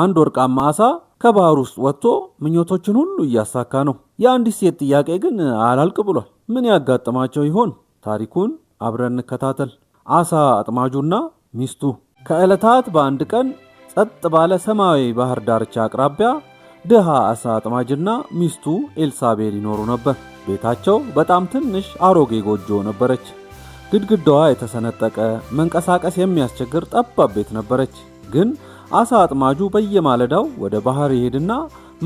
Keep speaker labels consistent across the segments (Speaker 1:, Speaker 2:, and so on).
Speaker 1: አንድ ወርቃማ ዓሣ ከባህር ውስጥ ወጥቶ ምኞቶችን ሁሉ እያሳካ ነው። የአንዲት ሴት ጥያቄ ግን አላልቅ ብሏል። ምን ያጋጥማቸው ይሆን? ታሪኩን አብረን እንከታተል። ዓሣ አጥማጁና ሚስቱ። ከዕለታት በአንድ ቀን ጸጥ ባለ ሰማያዊ ባህር ዳርቻ አቅራቢያ ድሃ ዓሣ አጥማጅና ሚስቱ ኤልሳቤል ይኖሩ ነበር። ቤታቸው በጣም ትንሽ አሮጌ ጎጆ ነበረች። ግድግዳዋ የተሰነጠቀ መንቀሳቀስ የሚያስቸግር ጠባብ ቤት ነበረች። ግን አሳ አጥማጁ በየማለዳው ወደ ባህር ይሄድና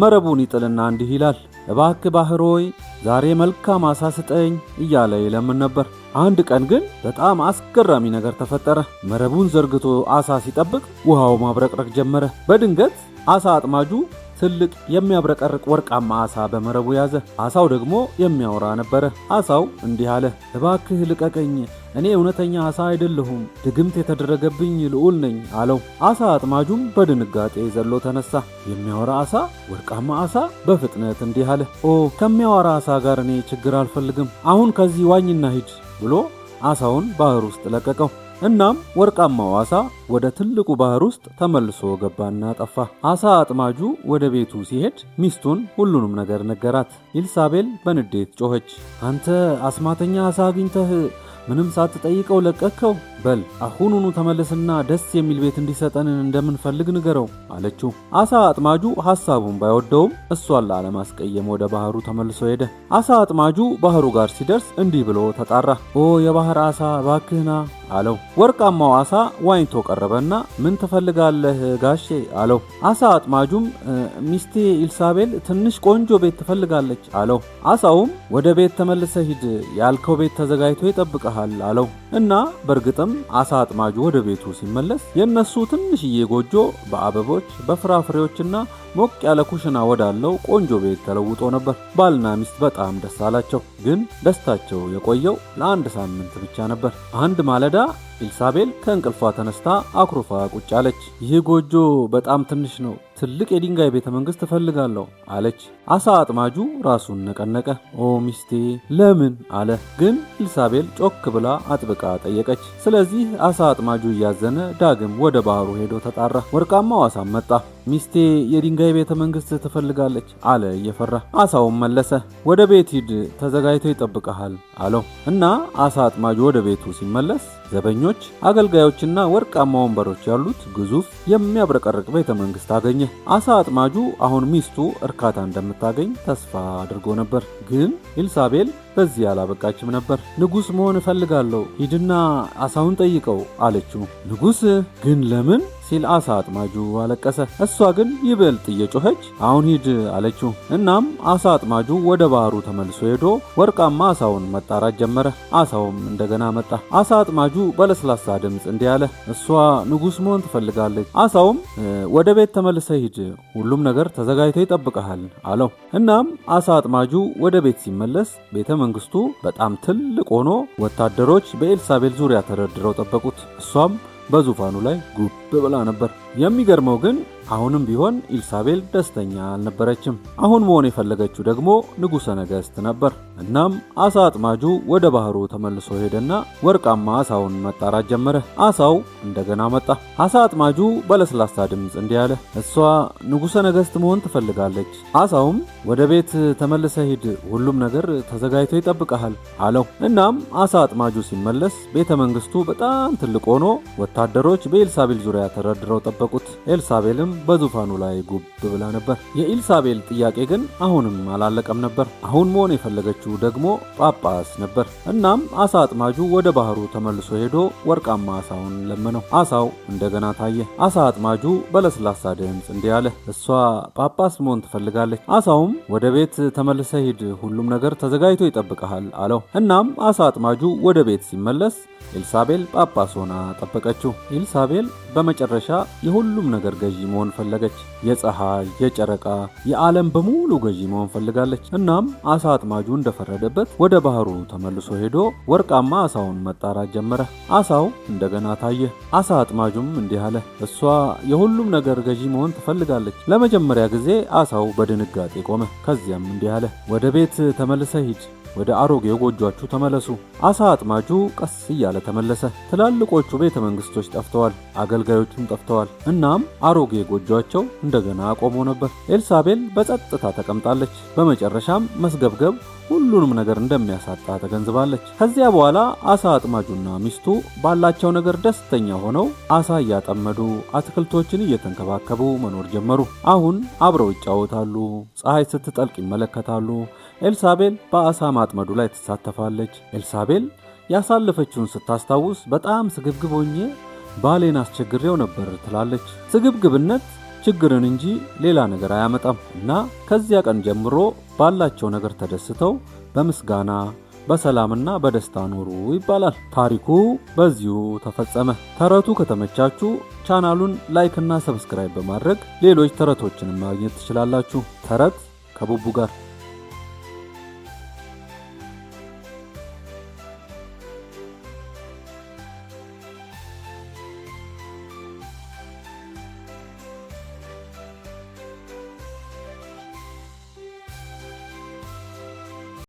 Speaker 1: መረቡን ይጥልና እንዲህ ይላል፣ እባክ ባህር ሆይ ዛሬ መልካም አሳ ስጠኝ እያለ ይለምን ነበር። አንድ ቀን ግን በጣም አስገራሚ ነገር ተፈጠረ። መረቡን ዘርግቶ አሳ ሲጠብቅ ውሃው ማብረቅረቅ ጀመረ። በድንገት አሳ አጥማጁ ትልቅ የሚያብረቀርቅ ወርቃማ አሳ በመረቡ ያዘ። አሳው ደግሞ የሚያወራ ነበረ። አሳው እንዲህ አለ፣ እባክህ ልቀቀኝ፣ እኔ እውነተኛ አሳ አይደለሁም፣ ድግምት የተደረገብኝ ልዑል ነኝ አለው። አሳ አጥማጁም በድንጋጤ ዘሎ ተነሳ። የሚያወራ አሳ፣ ወርቃማ አሳ በፍጥነት እንዲህ አለ፣ ኦ ከሚያወራ አሳ ጋር እኔ ችግር አልፈልግም፣ አሁን ከዚህ ዋኝና ሂድ ብሎ አሳውን ባህር ውስጥ ለቀቀው። እናም ወርቃማው አሳ ወደ ትልቁ ባህር ውስጥ ተመልሶ ገባና ጠፋ። አሳ አጥማጁ ወደ ቤቱ ሲሄድ ሚስቱን ሁሉንም ነገር ነገራት። ኢልሳቤል በንዴት ጮኸች።
Speaker 2: አንተ አስማተኛ አሳ አግኝተህ ምንም ሳትጠይቀው ለቀከው! በል አሁኑኑ ተመለስና ደስ የሚል ቤት እንዲሰጠን እንደምንፈልግ ንገረው አለችው። አሳ አጥማጁ ሐሳቡን ባይወደውም እሷን ላለማስቀየም ወደ ባህሩ ተመልሶ ሄደ። አሳ አጥማጁ ባህሩ ጋር ሲደርስ እንዲህ ብሎ ተጣራ። ኦ የባህር አሳ ባክህና አለው። ወርቃማው አሳ ዋኝቶ ቀረበና ምን ትፈልጋለህ ጋሼ አለው። አሳ አጥማጁም ሚስቴ ኢልሳቤል ትንሽ ቆንጆ ቤት ትፈልጋለች አለው። አሳውም ወደ ቤት ተመልሰ ሂድ፣ ያልከው ቤት ተዘጋጅቶ ይጠብቀሃል አለው እና በእርግጥም አሳ አጥማጁ ወደ ቤቱ ሲመለስ የእነሱ ትንሽዬ ጎጆ በአበቦች በፍራፍሬዎችና ሞቅ ያለ ኩሽና ወዳለው ቆንጆ ቤት ተለውጦ ነበር። ባልና ሚስት በጣም ደስ አላቸው። ግን ደስታቸው የቆየው ለአንድ ሳምንት ብቻ ነበር። አንድ ማለዳ ማለዳ ኢልሳቤል ከእንቅልፏ ተነስታ አኩርፋ ቁጭ አለች። ይህ ጎጆ በጣም ትንሽ ነው ትልቅ የድንጋይ ቤተ መንግስት እፈልጋለሁ አለች። አሳ አጥማጁ ራሱን ነቀነቀ። ኦ ሚስቴ ለምን አለ። ግን ኢልሳቤል ጮክ ብላ አጥብቃ ጠየቀች። ስለዚህ አሳ አጥማጁ እያዘነ ዳግም ወደ ባህሩ ሄዶ ተጣራ። ወርቃማው አሳም መጣ። ሚስቴ የድንጋይ ቤተ መንግስት ትፈልጋለች አለ እየፈራ። አሳውም መለሰ፣ ወደ ቤት ሂድ ተዘጋጅቶ ይጠብቀሃል አለው እና አሳ አጥማጁ ወደ ቤቱ ሲመለስ ዘበኞች፣ አገልጋዮችና ወርቃማ ወንበሮች ያሉት ግዙፍ የሚያብረቀርቅ ቤተ መንግስት አገኘ። አሳ አጥማጁ አሁን ሚስቱ እርካታ እንደምታገኝ ተስፋ አድርጎ ነበር። ግን ኢልሳቤል በዚህ አላበቃችም ነበር። ንጉሥ መሆን እፈልጋለሁ፣ ሂድና አሳውን ጠይቀው አለችው። ንጉሥ ግን ለምን ሲል አሳ አጥማጁ አለቀሰ። እሷ ግን ይበልጥ እየጮኸች አሁን ሂድ አለችው። እናም አሳ አጥማጁ ወደ ባህሩ ተመልሶ ሄዶ ወርቃማ አሳውን መጣራት ጀመረ። አሳውም እንደገና መጣ። አሳ አጥማጁ በለስላሳ ድምፅ እንዲህ አለ፣ እሷ ንጉሥ መሆን ትፈልጋለች። አሳውም ወደ ቤት ተመልሰ ሂድ፣ ሁሉም ነገር ተዘጋጅቶ ይጠብቀሃል አለው። እናም አሳ አጥማጁ ወደ ቤት ሲመለስ ቤተ መንግስቱ በጣም ትልቅ ሆኖ ወታደሮች በኤልሳቤል ዙሪያ ተደርድረው ጠበቁት። እሷም በዙፋኑ ላይ ጉብ ብላ ነበር። የሚገርመው ግን አሁንም ቢሆን ኢልሳቤል ደስተኛ አልነበረችም። አሁን መሆን የፈለገችው ደግሞ ንጉሠ ነገሥት ነበር። እናም አሳ አጥማጁ ወደ ባህሩ ተመልሶ ሄደና ወርቃማ አሳውን መጣራት ጀመረ። አሳው እንደገና መጣ። አሳ አጥማጁ በለስላሳ ድምፅ እንዲህ አለ፣ እሷ ንጉሠ ነገሥት መሆን ትፈልጋለች። አሳውም ወደ ቤት ተመልሰ ሂድ፣ ሁሉም ነገር ተዘጋጅቶ ይጠብቀሃል አለው። እናም አሳ አጥማጁ ሲመለስ ቤተ መንግስቱ በጣም ትልቅ ሆኖ ወታደሮች በኤልሳቤል ዙሪያ ተደርድረው ጠበቁ። የጠበቁት። ኤልሳቤልም በዙፋኑ ላይ ጉብ ብላ ነበር። የኤልሳቤል ጥያቄ ግን አሁንም አላለቀም ነበር። አሁን መሆን የፈለገችው ደግሞ ጳጳስ ነበር። እናም አሳ አጥማጁ ወደ ባህሩ ተመልሶ ሄዶ ወርቃማ አሳውን ለመነው። አሳው እንደገና ታየ። አሳ አጥማጁ በለስላሳ ድምፅ እንዲህ አለ፣ እሷ ጳጳስ መሆን ትፈልጋለች። አሳውም ወደ ቤት ተመልሰ ሂድ፣ ሁሉም ነገር ተዘጋጅቶ ይጠብቀሃል አለው። እናም አሳ አጥማጁ ወደ ቤት ሲመለስ ኤልሳቤል ጳጳስ ሆና ጠበቀችው። ኤልሳቤል በመጨረሻ የ የሁሉም ነገር ገዢ መሆን ፈለገች። የፀሐይ፣ የጨረቃ፣ የዓለም በሙሉ ገዢ መሆን ፈልጋለች። እናም አሳ አጥማጁ እንደፈረደበት ወደ ባህሩ ተመልሶ ሄዶ ወርቃማ አሳውን መጣራት ጀመረ። አሳው እንደገና ታየ። አሳ አጥማጁም እንዲህ አለ፣ እሷ የሁሉም ነገር ገዢ መሆን ትፈልጋለች። ለመጀመሪያ ጊዜ አሳው በድንጋጤ ቆመ። ከዚያም እንዲህ አለ፣ ወደ ቤት ተመልሰ ሂድ ወደ አሮጌው ጎጇችሁ ተመለሱ። አሳ አጥማጁ ቀስ እያለ ተመለሰ። ትላልቆቹ ቤተ መንግስቶች ጠፍተዋል፣ አገልጋዮቹም ጠፍተዋል። እናም አሮጌ ጎጇቸው እንደገና ቆሞ ነበር። ኤልሳቤል በጸጥታ ተቀምጣለች። በመጨረሻም መስገብገብ ሁሉንም ነገር እንደሚያሳጣ ተገንዝባለች። ከዚያ በኋላ አሳ አጥማጁና ሚስቱ ባላቸው ነገር ደስተኛ ሆነው አሳ እያጠመዱ አትክልቶችን እየተንከባከቡ መኖር ጀመሩ። አሁን አብረው ይጫወታሉ፣ ፀሐይ ስትጠልቅ ይመለከታሉ። ኤልሳቤል በአሳ ማጥመዱ ላይ ትሳተፋለች። ኤልሳቤል ያሳለፈችውን ስታስታውስ በጣም ስግብግብ ሆኜ ባሌን አስቸግሬው ነበር ትላለች። ስግብግብነት ችግርን እንጂ ሌላ ነገር አያመጣም እና ከዚያ ቀን ጀምሮ ባላቸው ነገር ተደስተው በምስጋና በሰላምና በደስታ ኑሩ ይባላል። ታሪኩ በዚሁ ተፈጸመ። ተረቱ ከተመቻችሁ ቻናሉን ላይክና ሰብስክራይብ በማድረግ ሌሎች ተረቶችንም ማግኘት ትችላላችሁ። ተረት ከቡቡ ጋር